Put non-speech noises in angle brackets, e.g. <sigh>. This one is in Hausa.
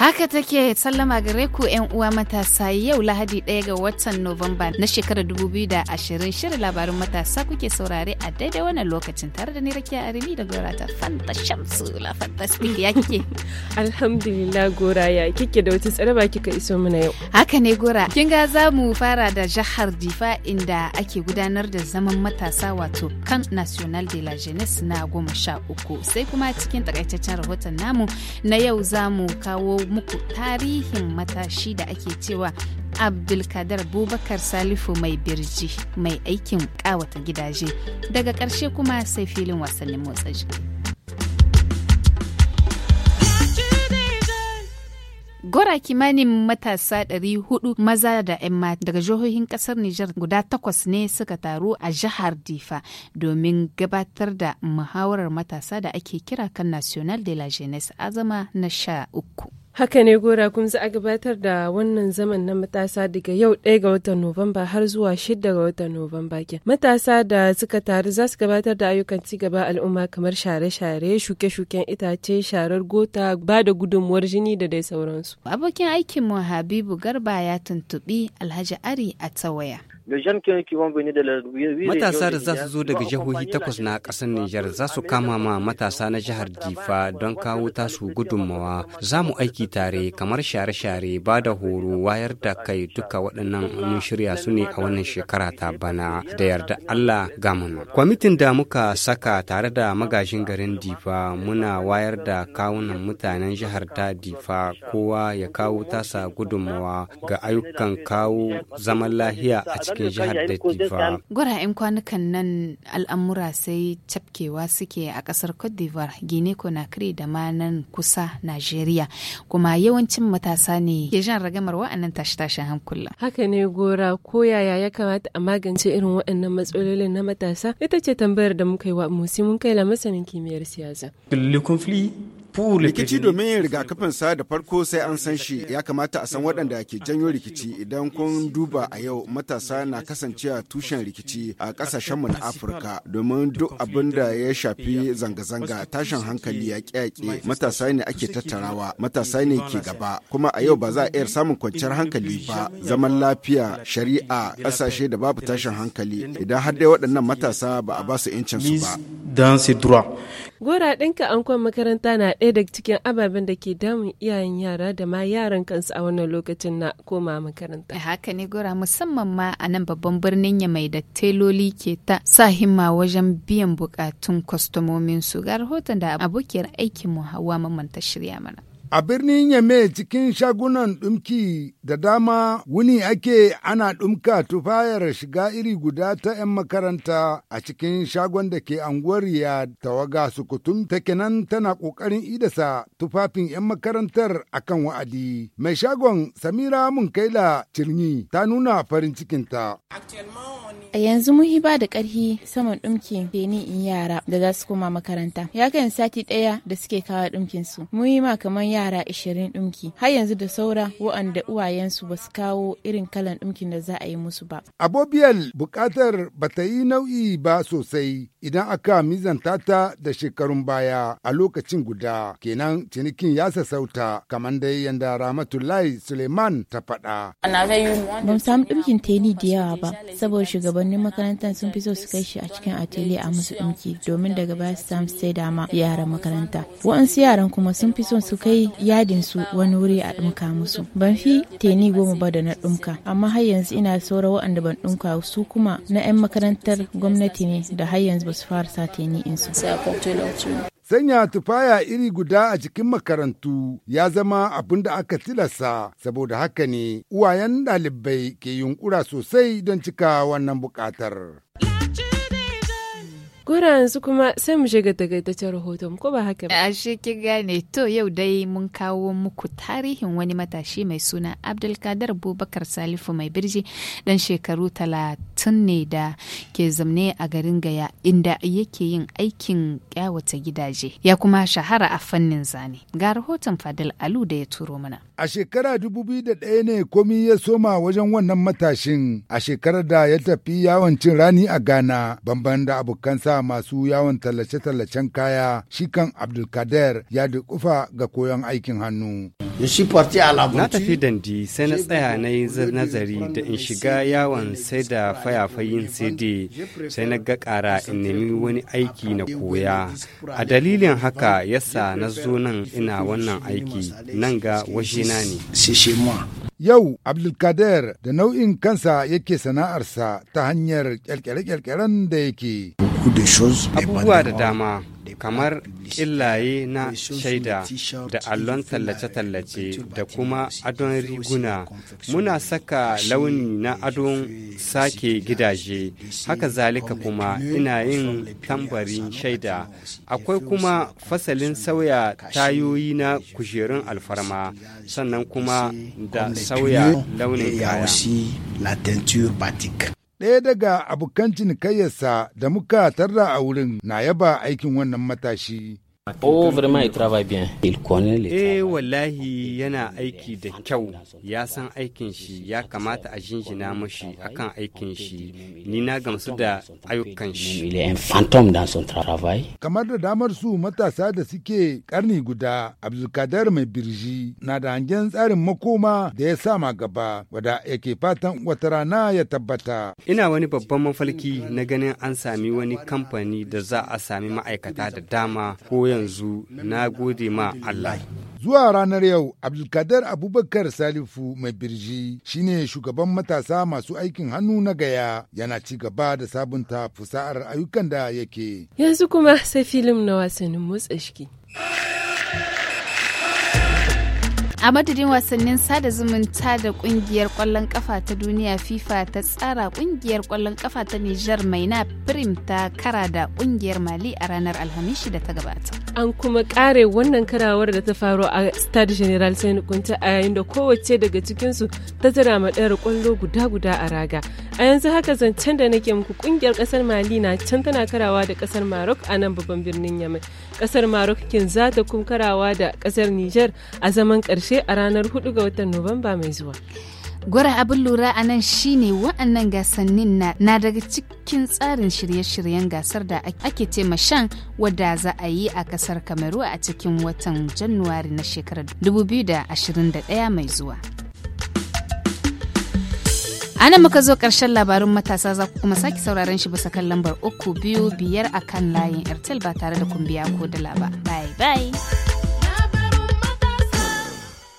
Haka take sallama gare ku 'yan uwa matasa yau Lahadi ɗaya ga watan Nuwamba na shekarar 2020 shirin labarin matasa kuke saurare a daidai wannan lokacin tare da ni a rimi da Gora ta Fanta Shamsu la Fantastic ya kike. <laughs> Alhamdulillah Gora ya kike da wata tsaraba kika iso mana yau. Haka ne Gora. Kin ga za mu fara da jihar Difa inda ake gudanar da zaman matasa wato kan National de la Jeunesse na goma sha uku sai kuma cikin takaitaccen rahoton namu na yau za mu kawo muku tarihin matashi da ake cewa abdulkadar Bubakar Salifu mai birji mai aikin kawata gidaje daga ƙarshe kuma sai filin wasannin motsa jiki. Gora kimanin matasa 400 maza da 'yan mata daga jihohin kasar Nijar guda takwas ne suka taru a jihar Difa domin gabatar da muhawarar matasa da ake kira kan National de la Jeunesse azama na sha uku. Haka ne gora kun za a gabatar da wannan zaman na matasa daga yau 1 ga watan Nuwamba har zuwa 6 ga watan Nuwamba ke. Matasa da suka taru za su gabatar da ayyukan ci gaba al'umma kamar share-share, shuke-shuken itace, sharar gota, ba da gudunmuwar jini da dai sauransu. Abokin aikinmu Habibu Garba ya tuntubi Alhaji Ari a tawaya. Matasa da za su zo daga jihohi takwas na ƙasar Nijar za su kama ma matasa na jihar Difa don kawo tasu gudunmawa. Za mu aiki tare kamar share-share ba da horo wayar da kai duka waɗannan mun shirya su ne a wannan shekara ta bana da yarda Allah ga gamun. Kwamitin da muka saka tare da magajin garin Difa muna wayar da kawunan mutanen jihar ta Difa kowa ya kawo tasa gudunmawa ga ayyukan kawo zaman lahiya a cikin jihar da Gwara ‘yan kwanukan nan al'amura sai cafkewa suke a ƙasar Cote d'Ivoire, Guinea Conakry da ma nan kusa Najeriya. Kuma yawancin matasa ne ke jan ragamar wa'annan tashi-tashin hankula. Haka ne gora ko yaya ya kamata a magance irin waɗannan matsalolin na matasa? Ita ce tambayar da muka yi wa Musi mun kai la masanin kimiyyar siyasa. Le conflit rikici domin yin rigakafin sa da farko sai an san shi ya kamata a san waɗanda ke janyo rikici idan kun duba a yau matasa na kasancewa tushen rikici a ƙasashenmu na afirka domin duk abin da ya shafi zanga-zanga tashin hankali ya yaƙe matasa ne ake tattarawa matasa ne ke gaba kuma a yau ba za a iya samun kwanciyar hankali ba zaman lafiya shari'a ƙasashe da babu tashin hankali idan har dai waɗannan matasa ba a ba su 'yancinsu ba. Gora ɗinka ankon makaranta na ɗaya daga cikin ababen da ke damun iyayen yara da ma yaran kansu a wannan lokacin na koma makaranta. Eh, haka ne gora musamman ma a nan babban birnin ya mai da teloli ke ta sa himma wajen biyan bukatun kwastomomin su ga rahoton da abokiyar aikin mu hawa mamanta shirya mana. A birnin Yame cikin shagunan ɗumki da dama wuni ake ana ɗumka tufayar shiga iri guda ta 'yan makaranta a cikin shagon da ke anguwar ya tawaga sukutum ta kenan tana ƙoƙarin idasa tufafin 'yan makarantar akan wa'adi. Mai shagon Samira Munkaila Cirni ta nuna farin cikinta. A yanzu mun ba da ƙarfi saman ɗumkin ni in yara da za su koma makaranta. Ya kan sati ɗaya da suke kawo ɗumkin su. Mun yi ma kamar yara ishirin ɗumki har yanzu da saura waɗanda uwayensu ba su kawo irin kalan ɗumkin da za a yi musu ba. Abobiyal buƙatar ba ta yi nau'i ba sosai idan aka mizanta ta da shekarun baya a lokacin guda kenan cinikin ya sassauta kamar dai yanda Ramatullahi Suleiman ta faɗa. Ban samu ɗumkin teni da yawa ba saboda shugabannin makarantar sun fi so su kai shi a cikin atelier a musu ɗumki domin daga baya su samu sai dama yara makaranta. Wa'ansu yaran kuma sun fi so su kai yadin su wani wuri a ɗumka musu ban fi teni goma ba da na ɗumka amma har yanzu ina saura waɗanda ban ɗumka su kuma na 'yan makarantar gwamnati ne da har yanzu ba su fara sa teni insu Sanya tufaya iri guda a cikin makarantu ya zama abin da aka tilasta saboda haka ne uwayen ɗalibai ke yunkura sosai don cika wannan buƙatar. Gora yanzu kuma sai mu shiga takaitaccen rahoton ko ba haka ba. Ashe kin gane to yau dai mun kawo muku tarihin wani matashi mai suna Abdulkadir Bubakar Salifu mai birji dan shekaru talatin ne da ke zamne a garin Gaya inda yake yin aikin kyawata gidaje ya kuma shahara a fannin zane. Ga rahoton Fadil Alu da ya turo mana. A shekara dubu biyu da ɗaya ne komi ya soma wajen wannan matashin a shekarar da ya tafi yawancin rani a Ghana banban da abokansa masu yawon tallace-tallacen kaya shi kan Abdulkader ya dukufa ga koyon aikin hannu. Na tafi dandi sai na tsaya na yi nazari da in shiga yawon sai da fayafayin CD sai na ga kara in nemi wani aiki na koya. A dalilin haka yasa na zo nan ina wannan aiki nan ga na ne. Yau Abdulkader da nau'in kansa yake sana'arsa ta hanyar kyalkyare-kyalkyaren da yake. abubuwa da dama kamar illaye na shaida da allon tallace-tallace da kuma adon riguna muna saka launi na adon sake gidaje haka zalika kuma ina yin tambarin shaida akwai kuma fasalin sauya tayoyi na kujerun alfarma sannan kuma da sauya launin kaya Ɗaya daga abokan cinikayyarsa da muka tarra a wurin na yaba aikin wannan matashi. Oh, vraiment, il bien. Il connaît les Eh, wallahi yana aiki da kyau, ya san aikin shi, ya kamata a jinjina mashi akan aikin shi. Ni na gamsu da ayyukan shi. Il est un fantôme dans son travail. Kamar da damar su matasa da suke karni guda, Abdulkader mai birji na da hangen tsarin makoma da ya sama gaba, wada yake fatan wata rana ya tabbata. Ina wani babban mafalki na ganin an sami wani kamfani da za a sami ma'aikata da dama ko yanzu na gode ma Allah. Zuwa ranar yau, Abdulkadir Abubakar Salifu mai birji shine shugaban matasa masu aikin hannu na gaya yana ci gaba da sabunta fusa'ar ayyukan da yake. Yanzu kuma sai filim na wasannin motsa shiki. a madadin wasannin sada zumunta da kungiyar kwallon kafa ta duniya fifa ta tsara kungiyar kwallon kafa ta nijar mai na prim ta kara da kungiyar mali a ranar alhamis da ta gabata an kuma kare wannan karawar da ta faru a stade general sai kunta a yayin da kowace daga cikinsu ta tara madara kwallo guda guda a raga a yanzu haka zancen da nake muku kungiyar kasar mali na can tana karawa da kasar maroc a nan babban birnin yamai kasar maroc kin za ta kuma karawa da kasar niger a zaman karshe a ranar 4 ga watan nuwamba mai zuwa Gwara abin lura a nan shine wa'annan gasannin na, na daga cikin tsarin shirye-shiryen gasar da ake tema shan wadda za a yi a kasar kameru a cikin watan januwari na shekarar 2021 mai zuwa. ana muka zo ƙarshen labarin matasa za ku kuma sake sauraron shi bisa kan lambar uku biyu biyar a kan layin airtel ba tare da kumbiya ko dala ba bye bye